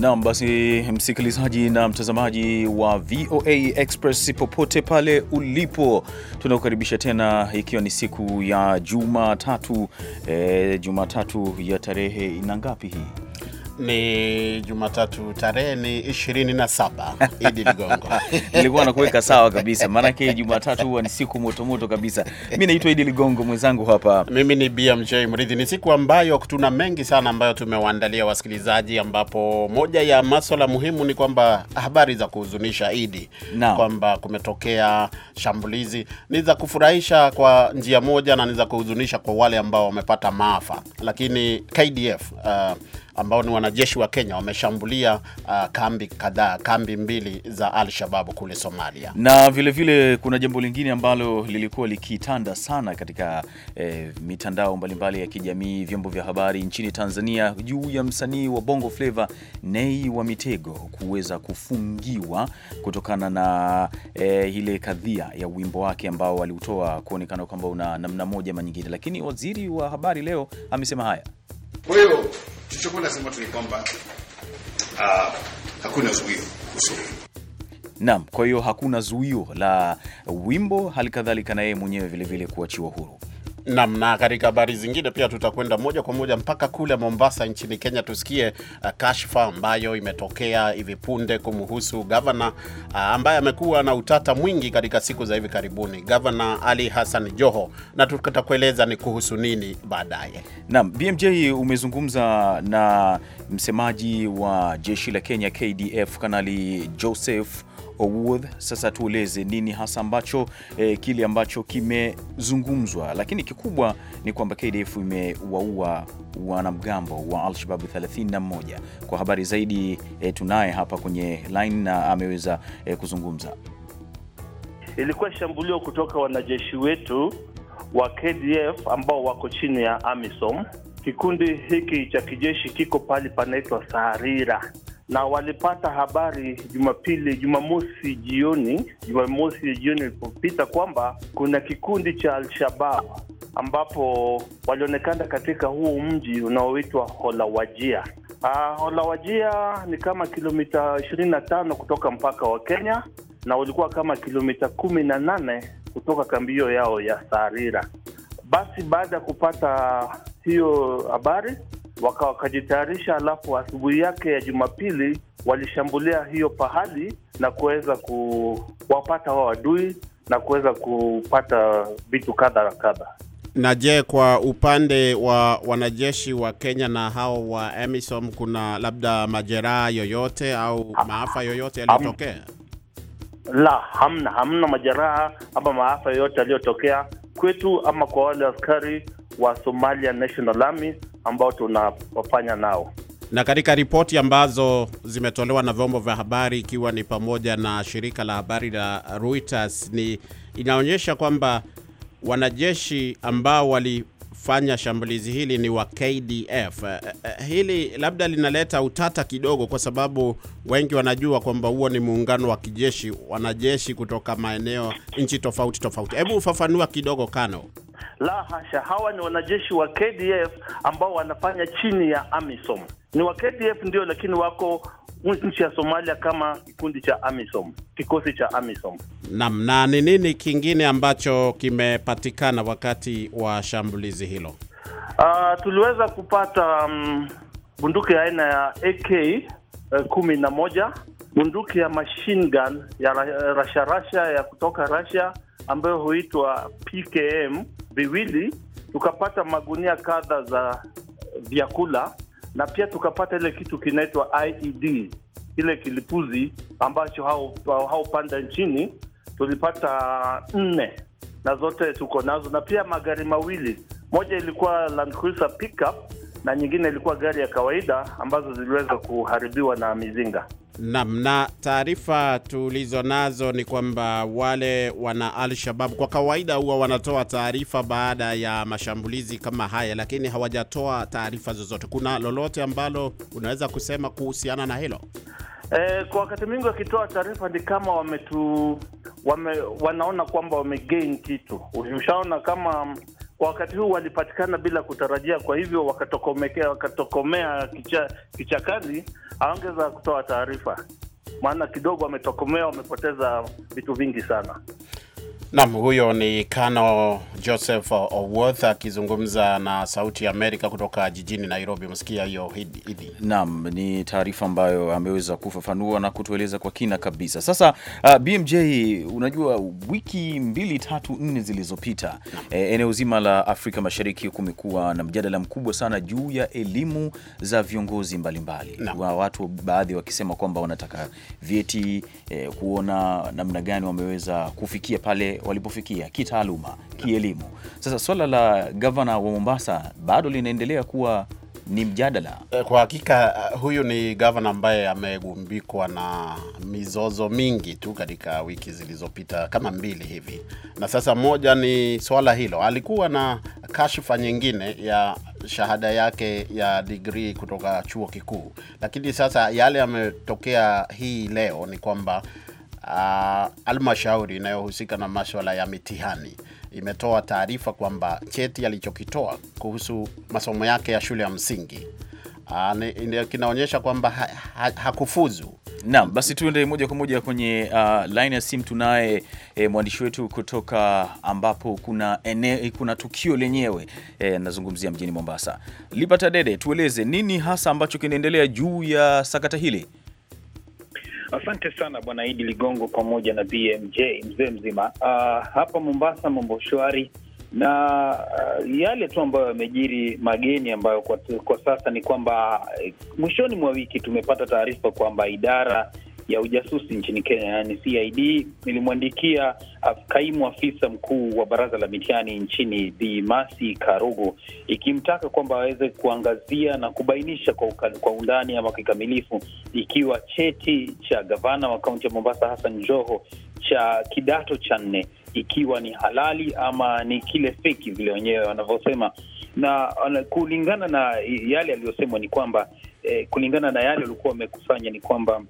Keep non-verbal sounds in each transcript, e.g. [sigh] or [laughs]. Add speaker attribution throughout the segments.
Speaker 1: Naam, basi msikilizaji na mtazamaji wa VOA Express popote pale ulipo, tunakukaribisha tena, ikiwa ni siku ya Jumatatu. E, Jumatatu ya tarehe ina ngapi hii?
Speaker 2: Ni Jumatatu, tarehe ni 27. [laughs] Idi Ligongo,
Speaker 1: nilikuwa nakuweka sawa kabisa, maanake
Speaker 2: Jumatatu huwa ni siku moto kabisa. Mi naitwa Idi Ligongo, mwenzangu hapa mimi ni BMJ Mridhi. Ni siku ambayo tuna mengi sana ambayo tumewaandalia wasikilizaji, ambapo moja ya maswala muhimu ni kwamba habari za kuhuzunisha Idi kwamba kumetokea shambulizi, ni za kufurahisha kwa njia moja na ni za kuhuzunisha kwa wale ambao wamepata maafa, lakini KDF uh, ambao ni wanajeshi wa Kenya wameshambulia uh, kambi kadhaa, kambi mbili za Al-Shabaab kule Somalia. Na vilevile vile kuna jambo lingine
Speaker 1: ambalo lilikuwa likitanda sana katika eh, mitandao mbalimbali mbali ya kijamii, vyombo vya habari nchini Tanzania juu ya msanii wa Bongo Flava Nei wa Mitego kuweza kufungiwa kutokana na eh, ile kadhia ya wimbo wake ambao waliutoa kuonekana kwamba una namna moja ama nyingine, lakini waziri wa habari leo amesema haya
Speaker 3: kwa hiyo tulichokwenda nasema tu ni kwamba ah, hakuna zuio kuhusu
Speaker 1: Naam, kwa hiyo hakuna zuio la wimbo, hali kadhalika
Speaker 2: na yeye mwenyewe vilevile kuachiwa huru. Nam na katika habari zingine pia tutakwenda moja kwa moja mpaka kule Mombasa nchini Kenya tusikie uh, kashfa ambayo imetokea hivi punde kumhusu gavana uh, ambaye amekuwa na utata mwingi katika siku za hivi karibuni, Gavana Ali Hassan Joho, na tutakueleza ni kuhusu nini baadaye. Naam, BMJ umezungumza na msemaji wa jeshi
Speaker 1: la Kenya KDF, Kanali Joseph Owuoth, sasa tueleze nini hasa ambacho e, kile ambacho kimezungumzwa, lakini kikubwa ni kwamba KDF imewaua wanamgambo wa Alshababu 31. Kwa habari zaidi e, tunaye hapa kwenye line na ameweza e, kuzungumza.
Speaker 4: Ilikuwa shambulio kutoka wanajeshi wetu wa KDF ambao wako chini ya AMISOM. Kikundi hiki cha kijeshi kiko pale panaitwa Saharira na walipata habari Jumapili, Jumamosi jioni, Jumamosi jioni ilipopita kwamba kuna kikundi cha Al-Shabab ambapo walionekana katika huu mji unaoitwa Holawajia. Uh, Holawajia ni kama kilomita 25 kutoka mpaka wa Kenya na walikuwa kama kilomita kumi na nane kutoka kambi hiyo yao ya Sarira. Basi baada ya kupata hiyo habari waka wakajitayarisha, alafu asubuhi yake ya Jumapili walishambulia hiyo pahali na kuweza kuwapata wao adui na kuweza kupata vitu kadha na kadha.
Speaker 2: Na je, kwa upande wa wanajeshi wa Kenya na hao wa AMISOM kuna labda majeraha yoyote au maafa yoyote yaliyotokea?
Speaker 4: La, hamna, hamna majeraha ama maafa yoyote yaliyotokea kwetu ama kwa wale askari wa Somalia National Army ambao tunafanya nao.
Speaker 2: Na katika ripoti ambazo zimetolewa na vyombo vya habari ikiwa ni pamoja na shirika la habari la Reuters, ni inaonyesha kwamba wanajeshi ambao walifanya shambulizi hili ni wa KDF. Eh, eh, hili labda linaleta utata kidogo, kwa sababu wengi wanajua kwamba huo ni muungano wa kijeshi, wanajeshi kutoka maeneo nchi tofauti tofauti. Hebu ufafanua kidogo Kano.
Speaker 4: La hasha, hawa ni wanajeshi wa KDF ambao wanafanya chini ya AMISOM. Ni wa KDF ndio, lakini wako nchi ya Somalia kama kikundi cha AMISOM, kikosi cha AMISOM.
Speaker 2: Naam, na ni nini kingine ambacho kimepatikana wakati wa shambulizi hilo?
Speaker 4: Uh, tuliweza kupata um, bunduki ya aina ya AK uh, eh, kumi na moja, bunduki ya machine gun ya eh, rasharasha ya kutoka Russia ambayo huitwa PKM viwili, tukapata magunia kadha za vyakula na pia tukapata ile kitu kinaitwa IED, kile kilipuzi ambacho haupanda hau nchini, tulipata nne na zote tuko nazo, na pia magari mawili, moja ilikuwa Land Cruiser pickup na nyingine ilikuwa gari ya kawaida ambazo ziliweza kuharibiwa na mizinga.
Speaker 2: Nam na, na taarifa tulizo nazo ni kwamba wale wana Al-Shabab kwa kawaida huwa wanatoa taarifa baada ya mashambulizi kama haya, lakini hawajatoa taarifa zozote. Kuna lolote ambalo unaweza kusema kuhusiana na hilo?
Speaker 4: Eh, kwa wakati mwingi wakitoa taarifa ni kama wametu wame, wanaona kwamba wamegain kitu. Ushaona kama kwa wakati huu walipatikana bila kutarajia, kwa hivyo wakatokomea, wakatokomea kicha, kichakani. Aongeza kutoa taarifa, maana kidogo wametokomea, wamepoteza vitu vingi sana.
Speaker 2: Nam, huyo ni Kano Joseph Oworth akizungumza na Sauti ya Amerika kutoka jijini Nairobi. Umesikia hiyo hidi
Speaker 1: nam ni taarifa ambayo ameweza kufafanua na kutueleza kwa kina kabisa. Sasa uh, ah, BMJ, unajua wiki mbili tatu nne zilizopita e, eneo zima la Afrika Mashariki kumekuwa na mjadala mkubwa sana juu ya elimu za viongozi mbalimbali mbali. Wa watu baadhi wakisema kwamba wanataka vyeti e, kuona namna gani wameweza kufikia pale walipofikia kitaaluma, kielimu. Sasa swala la gavana wa Mombasa
Speaker 2: bado linaendelea kuwa ni mjadala. Eh, kwa hakika, eh, huyu ni gavana ambaye amegumbikwa na mizozo mingi tu katika wiki zilizopita kama mbili hivi, na sasa moja ni swala hilo. Alikuwa na kashfa nyingine ya shahada yake ya digrii kutoka chuo kikuu, lakini sasa yale yametokea hii leo ni kwamba Ah, halmashauri uh, inayohusika na maswala ya mitihani imetoa taarifa kwamba cheti alichokitoa kuhusu masomo yake ya shule ya msingi uh, kinaonyesha kwamba ha, ha, hakufuzu. Naam, basi tuende moja kwa moja kwenye uh, line ya simu. Tunaye eh, mwandishi
Speaker 1: wetu kutoka ambapo kuna ene, kuna tukio lenyewe eh, nazungumzia mjini Mombasa. Lipata Dede, tueleze nini hasa ambacho kinaendelea juu ya sakata hili?
Speaker 5: Asante sana Bwana Idi Ligongo pamoja na BMJ mzee mzima. Uh, hapa Mombasa mambo shwari na uh, yale tu ambayo yamejiri mageni ambayo kwa, kwa sasa ni kwamba eh, mwishoni mwa wiki tumepata taarifa kwamba idara ya ujasusi nchini Kenya, yani CID, nilimwandikia kaimu afisa mkuu wa baraza la mitihani nchini Bi Masi Karugu ikimtaka kwamba aweze kuangazia na kubainisha kwa, kwa undani ama kikamilifu ikiwa cheti cha gavana wa kaunti ya Mombasa Hassan Joho cha kidato cha nne ikiwa ni halali ama ni kile feki vile wenyewe wanavyosema, na kulingana na yale yaliyosemwa ni kwamba eh, kulingana na yale walikuwa wamekusanya ni kwamba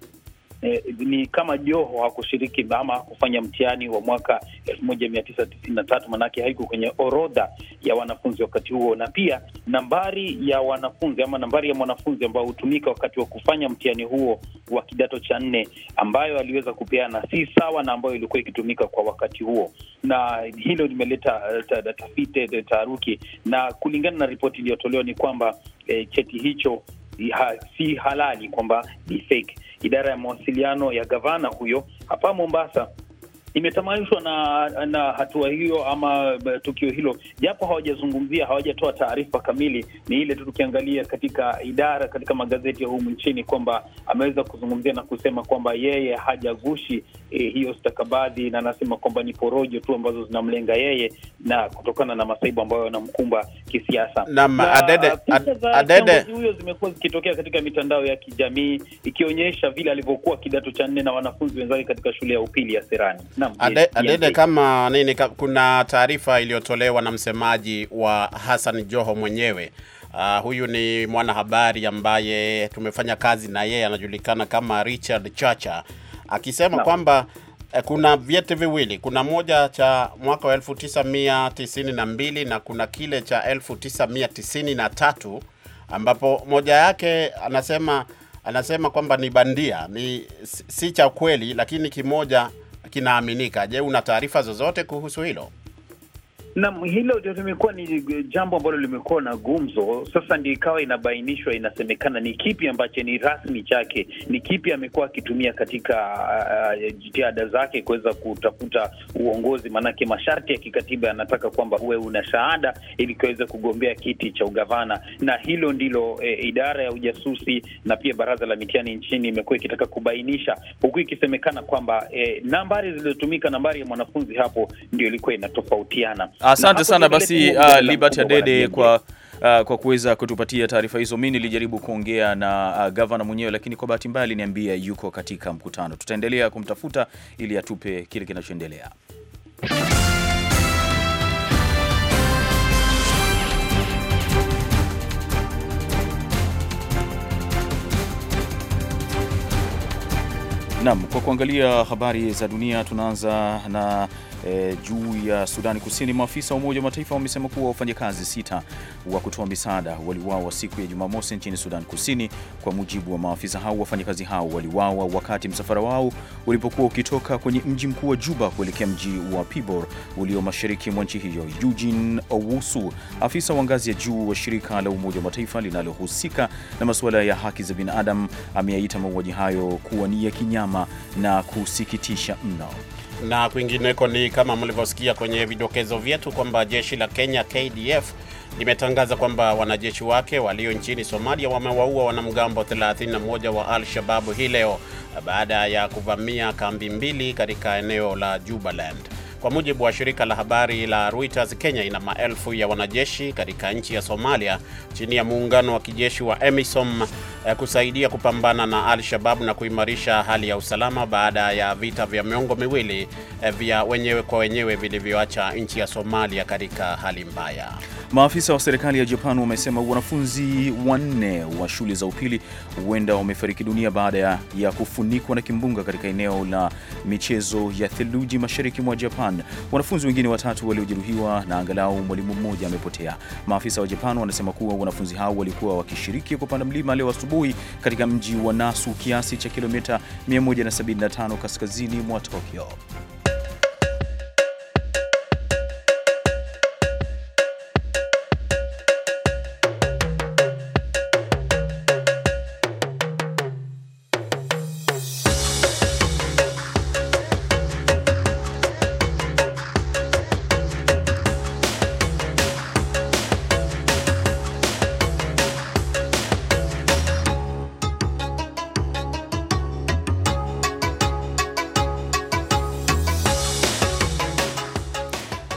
Speaker 5: eh, ni kama Joho hakushiriki ama kufanya mtihani wa mwaka elfu moja mia tisa tisini na tatu maanake haiko kwenye orodha ya wanafunzi wakati huo, na pia nambari ya wanafunzi ama nambari ya mwanafunzi ambao hutumika wakati wa kufanya mtihani huo wa kidato cha nne ambayo aliweza kupeana si sawa na ambayo ilikuwa ikitumika kwa wakati huo, na hilo limeleta eh, tafite eh, taharuki, na kulingana na ripoti iliyotolewa ni kwamba eh, cheti hicho ha, si halali kwamba ni fake. Idara ya mawasiliano ya gavana huyo hapa Mombasa imetamanishwa na na hatua hiyo ama eh, tukio hilo, japo hawajazungumzia, hawajatoa taarifa kamili. Ni ile tu tukiangalia katika idara, katika magazeti ya humu nchini kwamba ameweza kuzungumzia na kusema kwamba yeye hajagushi eh, hiyo stakabadhi, na anasema kwamba ni porojo tu ambazo zinamlenga yeye na kutokana na masaibu ambayo yanamkumba kisiasa. huyo zimekuwa zikitokea katika mitandao ya kijamii ikionyesha vile alivyokuwa kidato cha nne na wanafunzi wenzake katika shule ya upili ya Serani.
Speaker 2: Adede, Adede, kama nini, kuna taarifa iliyotolewa na msemaji wa Hassan Joho mwenyewe. Uh, huyu ni mwanahabari ambaye tumefanya kazi na yeye, anajulikana kama Richard Chacha akisema no. kwamba eh, kuna vyeti viwili, kuna moja cha mwaka wa 1992 na kuna kile cha 1993 ambapo moja yake anasema anasema kwamba ni bandia, ni si cha kweli, lakini kimoja kinaaminika. Je, una taarifa zozote kuhusu hilo?
Speaker 5: Naam, hilo ndio limekuwa ni jambo ambalo limekuwa na gumzo. Sasa ndio ikawa inabainishwa, inasemekana ni kipi ambacho ni rasmi chake, ni kipi amekuwa akitumia katika uh, uh, jitihada zake kuweza kutafuta uongozi. Maanake masharti ya kikatiba yanataka kwamba uwe una shahada ili kuweza kugombea kiti cha ugavana, na hilo ndilo eh, idara ya ujasusi na pia baraza la mitihani nchini imekuwa ikitaka kubainisha, huku ikisemekana kwamba eh, nambari zilizotumika, nambari ya mwanafunzi hapo ndio ilikuwa inatofautiana. Asante sana basi uh, Liberty Adede kwa
Speaker 6: uh,
Speaker 1: kwa kuweza kutupatia taarifa hizo. Mimi nilijaribu kuongea na uh, gavana mwenyewe, lakini kwa bahati mbaya aliniambia yuko katika mkutano. Tutaendelea kumtafuta ili atupe kile kinachoendelea. Naam, kwa kuangalia habari za dunia tunaanza na e, juu ya Sudani Kusini, maafisa wa Umoja wa Mataifa wamesema kuwa wafanyakazi sita wa kutoa misaada waliwawa siku ya Jumamosi nchini Sudan Kusini. Kwa mujibu wa maafisa hao, wafanyakazi hao waliwawa wakati msafara wao ulipokuwa ukitoka kwenye mji mkuu wa Juba kuelekea mji wa Pibor ulio mashariki mwa nchi hiyo. Eugene Owusu, afisa wa ngazi ya juu wa shirika la Umoja wa Mataifa linalohusika na masuala ya haki za binadamu, ameyaita mauaji hayo kuwa ni ya kinyama na kusikitisha mno.
Speaker 2: Na kwingineko ni kama mlivyosikia kwenye vidokezo vyetu kwamba jeshi la Kenya KDF limetangaza kwamba wanajeshi wake walio nchini Somalia wamewaua wanamgambo 31 wa Al-Shababu hii leo baada ya kuvamia kambi mbili katika eneo la Jubaland. Kwa mujibu wa shirika la habari la Reuters, Kenya ina maelfu ya wanajeshi katika nchi ya Somalia chini ya muungano wa kijeshi wa EMISOM Eh, kusaidia kupambana na Al-Shabaab na kuimarisha hali ya usalama baada ya vita vya miongo miwili eh, vya wenyewe kwa wenyewe vilivyoacha nchi ya Somalia katika hali mbaya.
Speaker 1: Maafisa wa serikali ya Japan wamesema wanafunzi wanne wa shule za upili huenda wamefariki dunia baada ya kufunikwa na kimbunga katika eneo la michezo ya theluji mashariki mwa Japan. Wanafunzi wengine watatu waliojeruhiwa na angalau mwalimu mmoja amepotea. Maafisa wa Japan wanasema kuwa wanafunzi hao walikuwa wakishiriki kupanda mlima leo asubuhi asubuhi katika mji wa Nasu kiasi cha kilomita 175 kaskazini mwa Tokyo.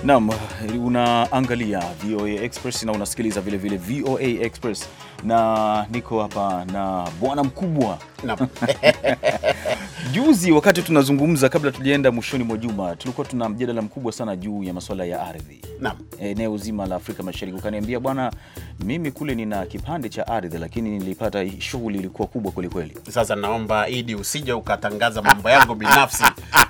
Speaker 1: Naam, unaangalia VOA Express na unasikiliza vilevile VOA Express na niko hapa na bwana mkubwa [laughs] Juzi wakati tunazungumza, kabla tulienda mwishoni mwa juma, tulikuwa tuna mjadala mkubwa sana juu ya masuala ya ardhi, naam, eneo zima la Afrika Mashariki. Ukaniambia bwana, mimi kule nina kipande cha ardhi, lakini nilipata shughuli ilikuwa kubwa kwelikweli.
Speaker 2: Sasa naomba Idi, usija ukatangaza mambo yangu binafsi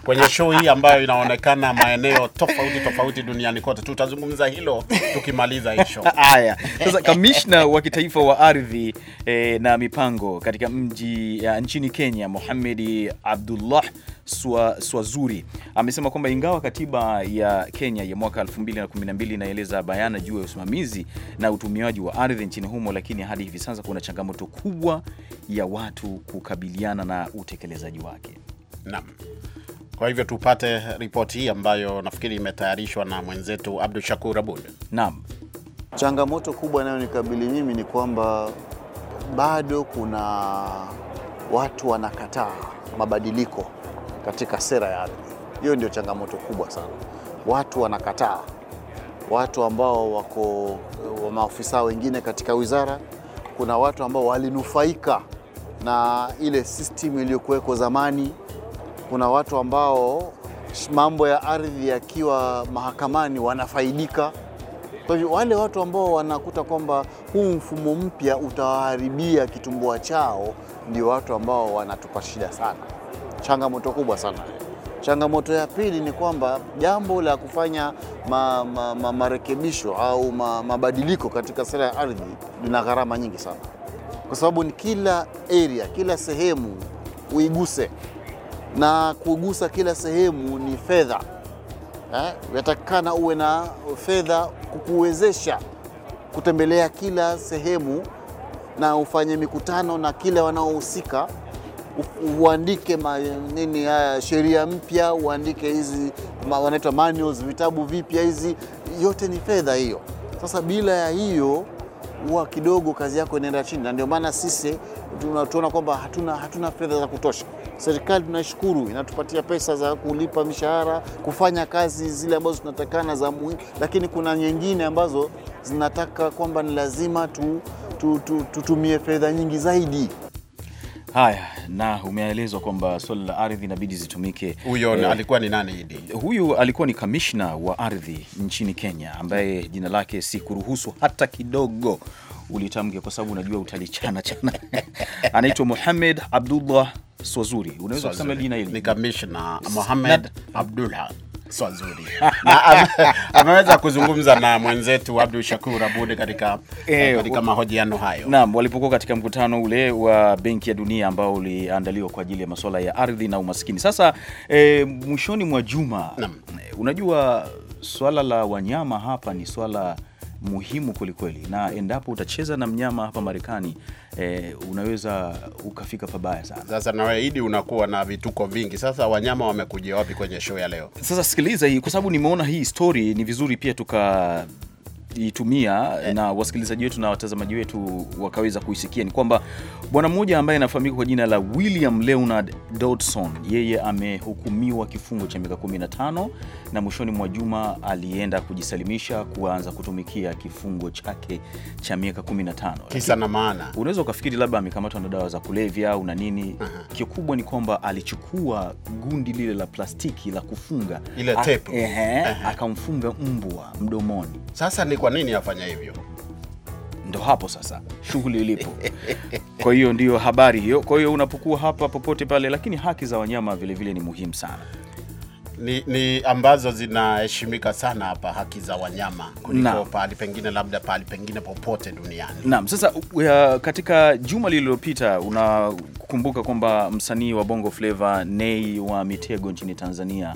Speaker 2: kwenye show hii ambayo inaonekana maeneo tofauti tofauti duniani kote. Tutazungumza hilo tukimaliza hii show. [laughs] Haya, sasa
Speaker 1: kamishna wa kitaifa wa ardhi e, na mipango katika mji ya, nchini Kenya Mohamed Abdullah Swa, Swazuri amesema kwamba ingawa katiba ya Kenya ya mwaka 2012 inaeleza bayana juu ya usimamizi na utumiaji wa ardhi nchini humo, lakini hadi hivi sasa kuna changamoto kubwa ya watu kukabiliana na
Speaker 2: utekelezaji wake. Naam. Kwa hivyo tupate ripoti hii ambayo nafikiri imetayarishwa na mwenzetu Abdu Shakur Abud. Naam.
Speaker 7: Changamoto kubwa inayonikabili mimi ni kwamba bado kuna watu wanakataa mabadiliko katika sera ya ardhi. Hiyo ndio changamoto kubwa sana, watu wanakataa, watu ambao wako wa maafisa wengine katika wizara. Kuna watu ambao walinufaika na ile system iliyokuweko zamani. Kuna watu ambao mambo ya ardhi yakiwa mahakamani wanafaidika. Kwa hivyo wale watu ambao wanakuta kwamba huu mfumo mpya utawaharibia kitumbua chao ndio watu ambao wanatupa shida sana, changamoto kubwa sana. Changamoto ya pili ni kwamba jambo la kufanya ma, ma, ma, marekebisho au ma, mabadiliko katika sera ya ardhi lina gharama nyingi sana, kwa sababu ni kila area, kila sehemu uiguse, na kugusa kila sehemu ni fedha eh, uwe na fedha kukuwezesha kutembelea kila sehemu na ufanye mikutano na kila wanaohusika, uandike nini haya, sheria mpya, uandike hizi wanaitwa manuals, vitabu vipya, hizi yote ni fedha hiyo. Sasa bila ya hiyo huwa kidogo kazi yako inaenda chini, na ndio maana sisi tunaona kwamba hatuna, hatuna fedha za kutosha. Serikali tunashukuru inatupatia pesa za kulipa mishahara, kufanya kazi zile ambazo tunatakana za muhimu, lakini kuna nyingine ambazo zinataka kwamba ni lazima tu, tu, tu, tutumie fedha nyingi zaidi.
Speaker 1: Haya, na umeelezwa kwamba swala la ardhi inabidi zitumike. Huyo eh, alikuwa ni nani hidi? Huyu alikuwa ni kamishna wa ardhi nchini Kenya ambaye jina lake si kuruhusu hata kidogo ulitamke kwa sababu unajua utalichana chana. [laughs] Anaitwa Muhamed Abdullah
Speaker 2: Swazuri. Unaweza kusema jina hili ni kamishna Muhamed Abdullah sio nzuri na [laughs] ameweza kuzungumza na mwenzetu abdu Shakur Abud katika, e, katika mahojiano hayo. Naam, walipokuwa katika mkutano ule wa Benki ya Dunia ambao uliandaliwa kwa
Speaker 1: ajili ya masuala ya ardhi na umaskini. Sasa eh, mwishoni mwa juma, eh, unajua swala la wanyama hapa ni swala muhimu kwelikweli, na endapo utacheza na mnyama hapa Marekani eh, unaweza ukafika pabaya sana.
Speaker 2: Sasa nawaidi, unakuwa na vituko vingi. Sasa wanyama wamekujia wapi kwenye show ya leo?
Speaker 1: Sasa sikiliza hii, kwa sababu nimeona hii story ni vizuri pia tuka itumia na wasikilizaji wetu na watazamaji wetu wakaweza kuisikia, ni kwamba bwana mmoja ambaye anafahamika kwa jina la William Leonard Dodson, yeye amehukumiwa kifungo cha miaka 15 na mwishoni mwa juma alienda kujisalimisha kuanza kutumikia kifungo chake cha miaka 15. Kisa na maana, unaweza ukafikiri labda amekamatwa na dawa za kulevya au na nini. Kikubwa ni kwamba alichukua gundi lile la plastiki la kufunga ile tape, ehe, akamfunga mbwa mdomoni.
Speaker 2: Sasa ni kwa nini afanya hivyo?
Speaker 1: Ndo hapo sasa shughuli ilipo. Kwa hiyo ndio habari hiyo. Kwa hiyo unapokuwa hapa popote
Speaker 2: pale, lakini haki za wanyama vile vile ni muhimu sana, ni, ni ambazo zinaheshimika sana hapa, haki za wanyama kuliko pahali pengine, labda pahali pengine popote duniani.
Speaker 1: Naam, sasa uh, katika juma lililopita unakumbuka kwamba msanii wa Bongo Flava Nay wa Mitego nchini Tanzania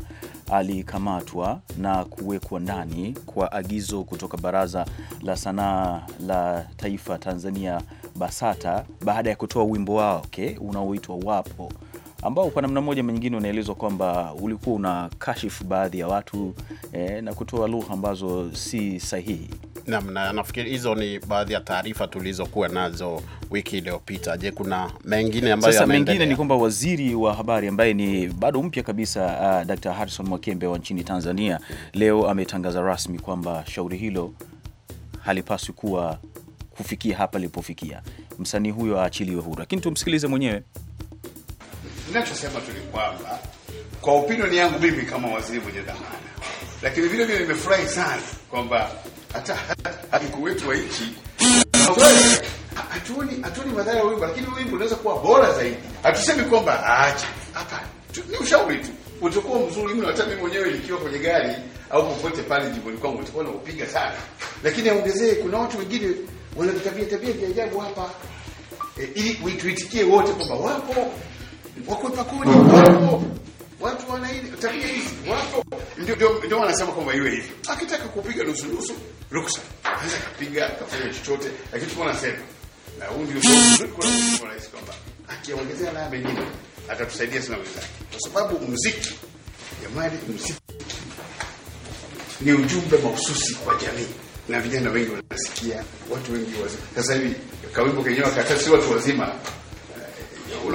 Speaker 1: alikamatwa na kuwekwa ndani kwa agizo kutoka Baraza la Sanaa la Taifa Tanzania, BASATA, baada ya kutoa wimbo wake unaoitwa Wapo, ambao kwa namna moja nyingine unaelezwa kwamba ulikuwa una kashifu baadhi ya watu
Speaker 2: eh, na kutoa lugha ambazo si sahihi. Naam, na nafikiri hizo ni baadhi ya taarifa tulizokuwa nazo wiki iliyopita. Je, kuna mengine ambayo sasa mengine ni kwamba waziri
Speaker 1: wa habari ambaye ni bado mpya kabisa, uh, Dr. Harrison Mwakembe wa nchini Tanzania leo ametangaza rasmi kwamba shauri hilo halipaswi kuwa kufikia hapa lipofikia, msanii huyo aachiliwe huru. Lakini tumsikilize mwenyewe.
Speaker 3: Ninachosema tu ni kwamba kwa opinion yangu mimi kama waziri mwenye dhamana, lakini vile vile nimefurahi sana kwamba hata hatuko wetu wa nchi hatuoni hatuoni madhara ya lakini wimbo unaweza kuwa bora zaidi. Hatusemi kwamba aache, hapana, ni ushauri tu, utakuwa mzuri mno. Hata mimi mwenyewe nikiwa kwenye gari au popote pale jimboni kwangu nitakuwa upiga sana, lakini aongezee, kuna watu wengine wana vitabia tabia vya ajabu hapa e, ili tuitikie wote kwamba wapo wakwepa kodi wapo watu wana tabia hizi wapo, ndio ndio wanasema kwamba iwe hivyo. Akitaka kupiga nusu nusu, ruksa, anaweza kupiga kafanya chochote, lakini tuko nasema na huu ndio ndio kwa rais kwamba akiongezea la mengine atatusaidia sana wenzake, kwa sababu muziki, jamani, muziki ni ujumbe mahususi kwa jamii na vijana wengi wanasikia, watu wengi wazima. Sasa hivi kawimbo kenyewe katasi watu wazima, eh,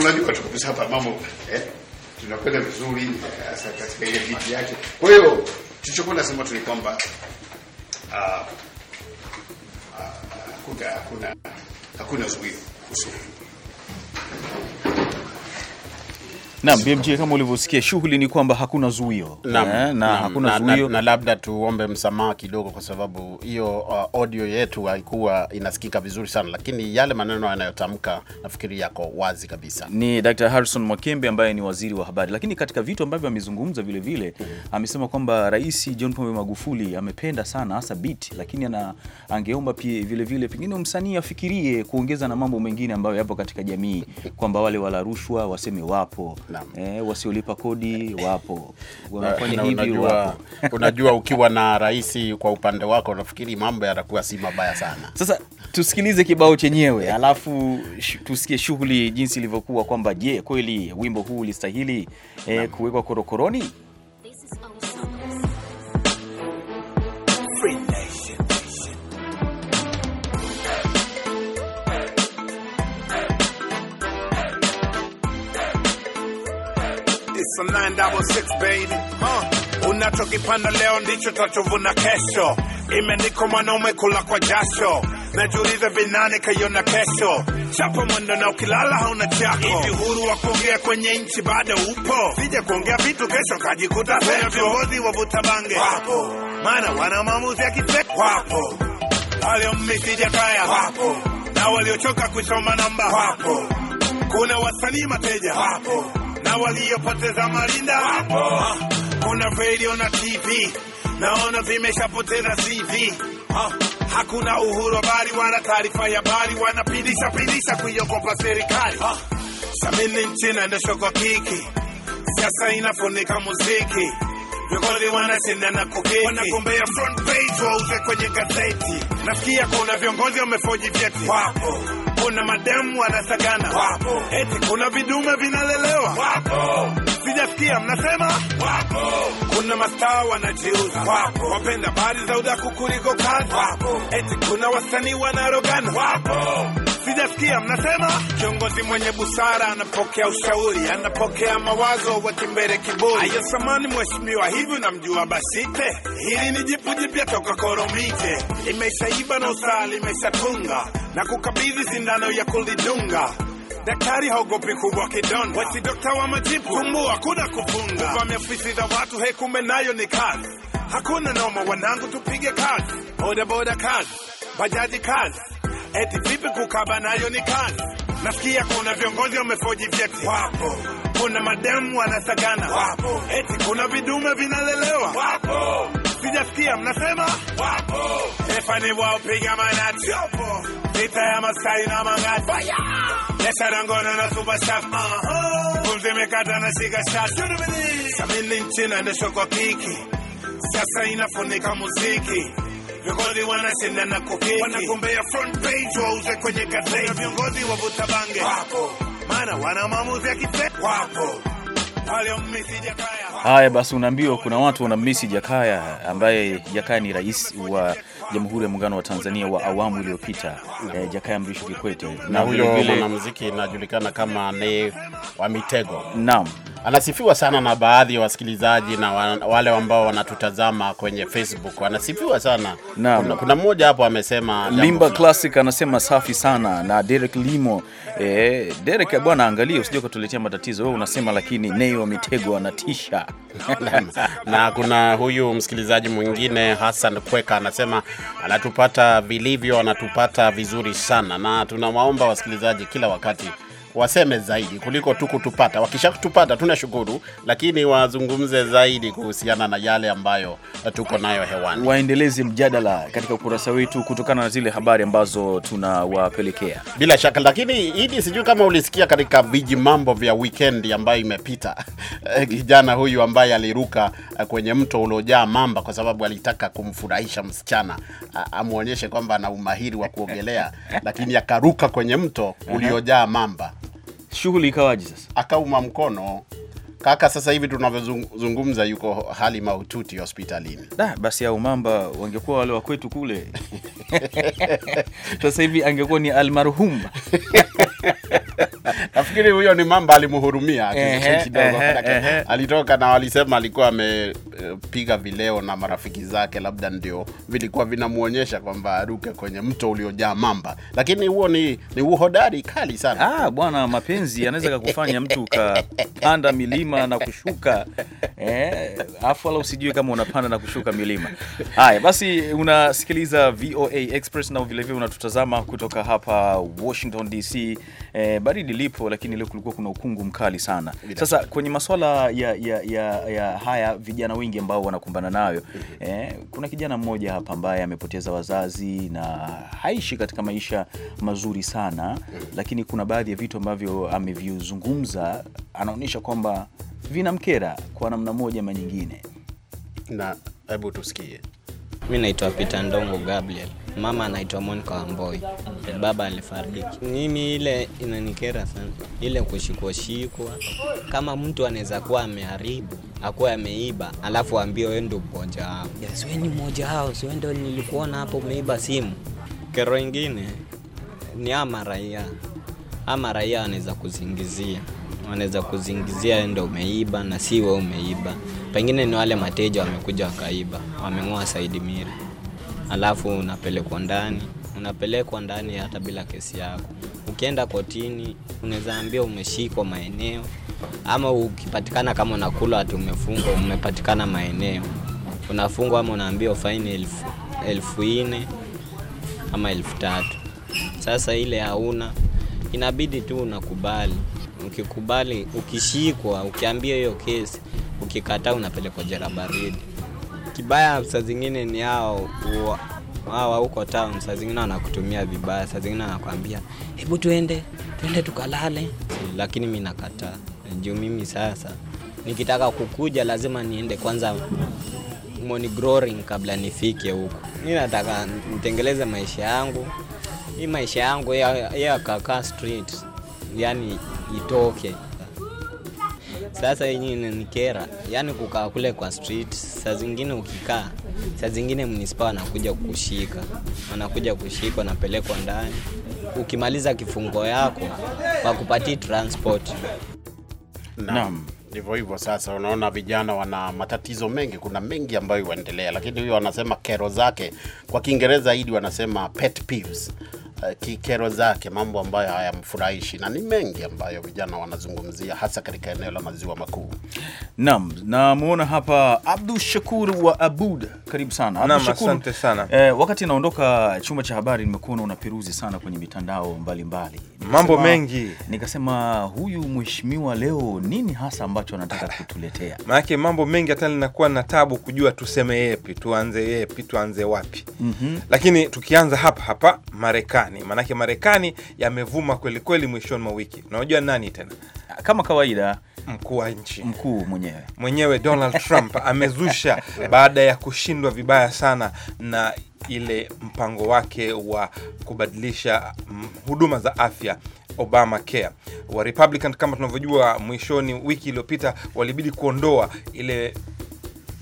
Speaker 3: unajua tu kabisa hapa mambo eh tunakwenda vizuri eh, hasa katika ile viti yake. Kwa hiyo tulichokuwa nasema tu ni kwamba ah, ah, hakuna hakuna zuio
Speaker 1: nam kama ulivyosikia, shughuli ni kwamba hakuna zuio eh, na, yeah, na na hakuna na, zuio na, na
Speaker 2: labda tuombe msamaha kidogo, kwa sababu hiyo uh, audio yetu haikuwa inasikika vizuri sana, lakini yale maneno yanayotamka nafikiri yako wazi kabisa.
Speaker 1: Ni Dr. Harrison Mwakembe ambaye ni waziri wa habari, lakini katika vitu ambavyo amezungumza vile vile mm amesema kwamba Rais John Pombe Magufuli amependa sana hasa beat, lakini ana angeomba pia vile vile pengine msanii afikirie kuongeza na mambo mengine ambayo yapo katika jamii kwamba wale wala rushwa waseme wapo
Speaker 2: eh, wasiolipa kodi wapo,
Speaker 8: wanafanya hivi wapo.
Speaker 2: Unajua, ukiwa na rais kwa upande wako nafikiri mambo yatakuwa si mabaya sana. Sasa tusikilize kibao chenyewe, alafu tusikie shughuli jinsi ilivyokuwa, kwamba je, kweli
Speaker 1: wimbo huu ulistahili eh, kuwekwa korokoroni? This is
Speaker 8: It's a nine double six baby. Huh. Unachokipanda leo ndicho tachovuna kesho. Imeandikwa mwanaume kula kwa jasho, najiuliza vinani kaiona kesho. Chapa mwendo na ukilala hauna chako. huru wa kuongea kwenye nchi bado upo? Sija kuongea vitu kesho kajikuta pepo. Viongozi wavuta bange wapo, mana wana maamuzi ya kipekee wapo, waliommitija kaya wapo, na waliochoka kusoma namba wapo, kuna wasanii mateja wapo na waliopoteza marinda hapo. Kuna radio na TV naona zimeshapoteza CV. Hakuna uhuru habari wana taarifa ya habari wanapindisha pindisha kuiokopa serikali. Samini nchi naendeshwa kwa kiki, siasa inafunika muziki viongozi wanashinda na kuketi, wanagombea front page wauze kwenye gazeti. Nasikia kuna viongozi wamefoji vyeti, wapo. Kuna mademu wanasagana, wapo. Eti kuna vidume vinalelewa, wapo. Sijasikia mnasema, wapo. Kuna mastaa wanajiuza, wapo. Wapenda habari za udaku kuliko kazi, wapo. Eti kuna wasanii wanarogana, wapo Sijasikia mnasema kiongozi mwenye busara anapokea ushauri, anapokea mawazo, wakimbere kiburi. Hayo samani, mheshimiwa, hivi unamjua Basite? Hili ni jipu jipya toka Koromite, imeshaiba na usaa imeshatunga na kukabidhi sindano ya kulidunga. Daktari haogopi kubwa kidonda, wasi dokta wa majipu, tumbua hakuna kufunga, vamia ofisi za watu, hekume nayo ni kazi. Hakuna noma, wanangu, tupige kazi, bodaboda kazi, bajaji kazi eti vipi kukaba nayo ni kazi. Nasikia kuna viongozi wamefoji vyeti wapo, kuna mademu wanasagana wapo, eti kuna vidume vinalelewa wapo. Sijasikia mnasema wapo, Stefani piga manati yopo, vita ya Masai na Mangati baya faya Lesarangono na suba uh -huh. Kumzi mekata na shiga shaka Samini nchina endeshwa kwa kiki, sasa inafunika muziki viongozi wanasenda na koketi, wanagombea front page wauze kwenye gazeti, na viongozi wavuta bange wapo, maana wana maamuzi ya kifedha wapo.
Speaker 1: Haya basi, unaambiwa kuna watu wanammisi Jakaya, ambaye Jakaya ni rais wa Jamhuri ya Muungano wa Tanzania wa awamu iliyopita,
Speaker 2: eh, Jakaya Mrisho Kikwete, na huyo mwanamuziki anajulikana kama ne wa Mitego. Naam anasifiwa sana na baadhi ya wa wasikilizaji na wale ambao wanatutazama kwenye Facebook, anasifiwa sana na, kuna, kuna mmoja hapo amesema Limba Classic
Speaker 1: anasema safi sana na Derek Limo. Eh, Derek bwana, angalia usije kutuletea matatizo wewe unasema, lakini Neo Mitego anatisha.
Speaker 2: na kuna huyu msikilizaji mwingine Hassan Kweka anasema anatupata vilivyo, anatupata vizuri sana, na tunawaomba wasikilizaji kila wakati waseme zaidi kuliko tu kutupata. tuna tunashukuru, lakini wazungumze zaidi kuhusiana na yale ambayo tuko nayo hewani,
Speaker 1: waendeleze mjadala katika ukurasa wetu kutokana na zile habari ambazo
Speaker 2: tunawapelekea bila shaka. Lakini hili sijui kama ulisikia katika viji mambo vya wikendi ambayo imepita eh, kijana huyu ambaye aliruka eh, kwenye mto uliojaa mamba kwa sababu alitaka kumfurahisha msichana amwonyeshe kwamba ana umahiri wa kuogelea, lakini akaruka kwenye mto uliojaa mamba shughuli ikawaji sasa? Akauma mkono kaka, sasa hivi tunavyozungumza yuko hali mahututi hospitalini. Da, basi au mamba wangekuwa wale wa kwetu kule [laughs] sasa
Speaker 1: hivi angekuwa ni almarhum [laughs] nafikiri huyo ni mamba alimhurumia kidogo,
Speaker 2: alitoka na walisema alikuwa ame piga vileo na marafiki zake, labda ndio vilikuwa vinamwonyesha kwamba aruke kwenye mto uliojaa mamba, lakini huo ni, ni uhodari kali sana.
Speaker 1: Ah, bwana, mapenzi anaweza kakufanya mtu ukapanda milima na kushuka eh, afu wala usijue kama unapanda na kushuka milima. Haya basi, unasikiliza VOA Express na vilevile unatutazama kutoka hapa Washington DC. Eh, baridi lipo, lakini leo kulikuwa kuna ukungu mkali sana. Sasa kwenye masuala ya, ya, ya, ya haya vijana wengi wengi ambao wanakumbana nayo. Mm-hmm. Eh, kuna kijana mmoja hapa ambaye amepoteza wazazi na haishi katika maisha mazuri sana, mm-hmm. lakini kuna baadhi ya vitu ambavyo amevyozungumza anaonyesha kwamba vinamkera kwa namna moja ama nyingine, na
Speaker 9: hebu tusikie. mi naitwa pita Ndongo Gabriel. Mama anaitwa Monica Amboi, baba alifariki. Mimi ile inanikera sana ile kushikoshikwa, kama mtu anaweza kuwa ameharibu akuwa ameiba, alafu aambie wewe ndo mmoja wao. Yes, wewe ni mmoja wao, sio ndo nilikuona hapo umeiba simu. Kero ingine ni ama raia ama raia wanaweza kuzingizia wanaweza kuzingizia ndo umeiba na si wewe umeiba. Pengine ni wale mateja wamekuja wakaiba, wameng'oa saidi Miri alafu unapelekwa ndani, unapelekwa ndani hata bila kesi yako. Ukienda kotini, unaweza ambia umeshikwa maeneo, ama ukipatikana kama unakula hati umefungwa, umepatikana maeneo, unafungwa ama unaambia faini elfu, nne ama elfu tatu. Sasa ile hauna, inabidi tu unakubali. Ukikubali, ukishikwa, ukiambia hiyo kesi, ukikataa unapelekwa jela baridi kibaya saa zingine ni hao hawa huko town, saa zingine wanakutumia vibaya, saa zingine wanakwambia hebu tuende tuende tukalale, lakini mi nakataa juu mimi sasa nikitaka kukuja lazima niende kwanza money growing kabla nifike huko. Mi nataka nitengeleze maisha yangu, hii maisha yangu ya, ya kaka street yani itoke sasa yenye inanikera yani kukaa kule kwa street, saa zingine ukikaa, saa zingine munisipa wanakuja kushika wanakuja kushika, wanapelekwa ndani. Ukimaliza kifungo yako wakupati transport.
Speaker 2: Naam, hivyo hivyo. Sasa unaona vijana wana matatizo mengi, kuna mengi ambayo huendelea, lakini huyo wanasema kero zake, kwa Kiingereza hidi wanasema pet peeves Eh, kikero zake, mambo ambayo hayamfurahishi na ni mengi ambayo vijana wanazungumzia hasa katika eneo la maziwa makuu.
Speaker 1: Naam, namwona hapa Abdu Shakur wa Abud, karibu sana Abdu Shakur. Asante sana. Eh, wakati naondoka chumba cha habari nimekuona unaperuzi sana kwenye mitandao mbalimbali mbali mambo mengi, nikasema huyu mheshimiwa leo nini hasa ambacho anataka kutuletea,
Speaker 6: maanake mambo mengi, hata linakuwa na tabu kujua tuseme yepi, tuanze yepi, tuanze wapi. mm -hmm. Lakini tukianza hapa hapa Marekani, maanake Marekani yamevuma kwelikweli mwishoni mwa wiki. Unajua nani tena, kama kawaida mkuu wa nchi
Speaker 1: mkuu mwenyewe
Speaker 6: mwenyewe Donald Trump amezusha [laughs] baada ya kushindwa vibaya sana na ile mpango wake wa kubadilisha mm, huduma za afya Obama Care. Wa Republican kama tunavyojua, mwishoni wiki iliyopita walibidi kuondoa ile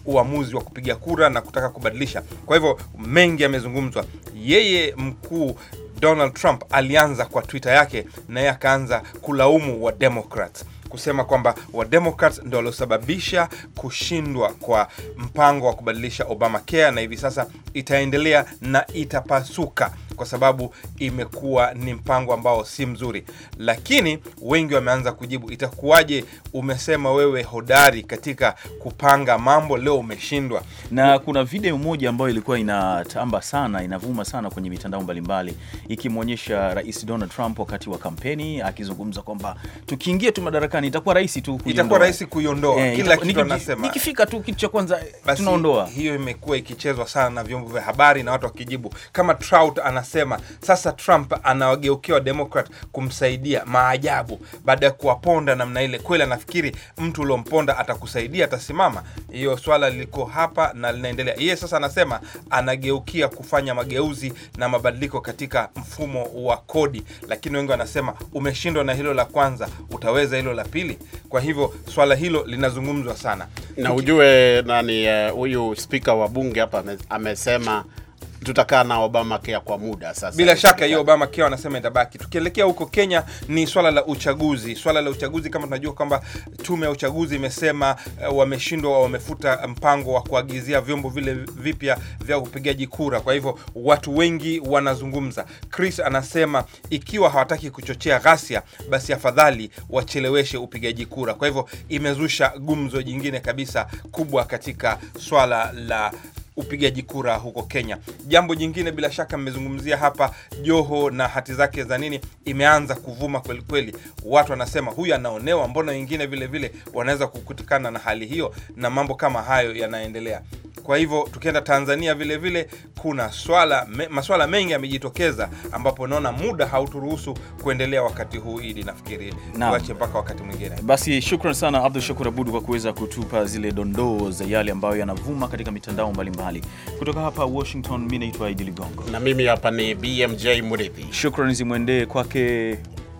Speaker 6: uamuzi wa kupiga kura na kutaka kubadilisha. Kwa hivyo mengi yamezungumzwa. Yeye mkuu Donald Trump alianza kwa Twitter yake naye akaanza kulaumu wa Democrats kusema kwamba Wademokrat ndo waliosababisha kushindwa kwa mpango wa kubadilisha Obamacare na hivi sasa itaendelea na itapasuka kwa sababu imekuwa ni mpango ambao si mzuri. Lakini wengi wameanza kujibu, itakuwaje? Umesema wewe hodari katika kupanga mambo, leo umeshindwa. Na
Speaker 1: kuna video moja ambayo ilikuwa inatamba sana, inavuma sana kwenye mitandao mbalimbali, ikimwonyesha Rais Donald Trump wakati wa kampeni akizungumza kwamba tukiingia tu madarakani itakuwa rahisi
Speaker 6: tu kuiondoa, itakuwa rahisi kuiondoa eh, kila kitu anasema, nikifika tu kitu cha kwanza tunaondoa. Hiyo imekuwa ikichezwa sana na vyombo vya habari na watu wakijibu kama Trout ana anasema sasa Trump anawageukia wademokrat kumsaidia. Maajabu, baada ya kuwaponda namna ile. Kweli anafikiri mtu uliomponda atakusaidia, atasimama? Hiyo swala liko hapa na linaendelea. Yeye sasa anasema anageukia kufanya mageuzi na mabadiliko katika mfumo wa kodi, lakini wengi wanasema umeshindwa na hilo la kwanza, utaweza hilo la pili? Kwa hivyo swala hilo linazungumzwa sana,
Speaker 2: na ujue nani eh, huyu uh, spika wa
Speaker 6: bunge hapa amesema tutakaa
Speaker 2: na Obama care kwa muda sasa. Bila
Speaker 6: shaka hiyo Obama care wanasema itabaki. Tukielekea huko Kenya, ni swala la uchaguzi. Swala la uchaguzi kama tunajua kwamba tume ya uchaguzi imesema uh, wameshindwa, wamefuta mpango wa kuagizia vyombo vile vipya vya upigaji kura. Kwa hivyo watu wengi wanazungumza. Chris anasema ikiwa hawataki kuchochea ghasia, basi afadhali wacheleweshe upigaji kura. Kwa hivyo imezusha gumzo jingine kabisa kubwa katika swala la upigaji kura huko Kenya. Jambo jingine bila shaka mmezungumzia hapa, Joho na hati zake za nini imeanza kuvuma kweli kweli. Watu wanasema huyu anaonewa, mbona wengine vile vile wanaweza kukutikana na hali hiyo, na mambo kama hayo yanaendelea. Kwa hivyo tukienda Tanzania vile vile kuna swala me, maswala mengi yamejitokeza, ambapo naona muda hauturuhusu kuendelea wakati huu, ili nafikiri tuache mpaka wakati mwingine.
Speaker 1: Basi shukran sana Abdul Shakur Abud kwa kuweza kutupa zile dondoo za yale ambayo yanavuma katika mitandao mbalimbali mbalimbali kutoka hapa Washington. Mi naitwa Idi Ligongo na mimi hapa ni BMJ Mridhi. Shukrani zimwendee kwake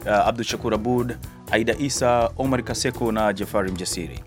Speaker 1: uh, Abdu Shakur Abud, Aida Isa, Omar Kaseko na Jafari Mjasiri.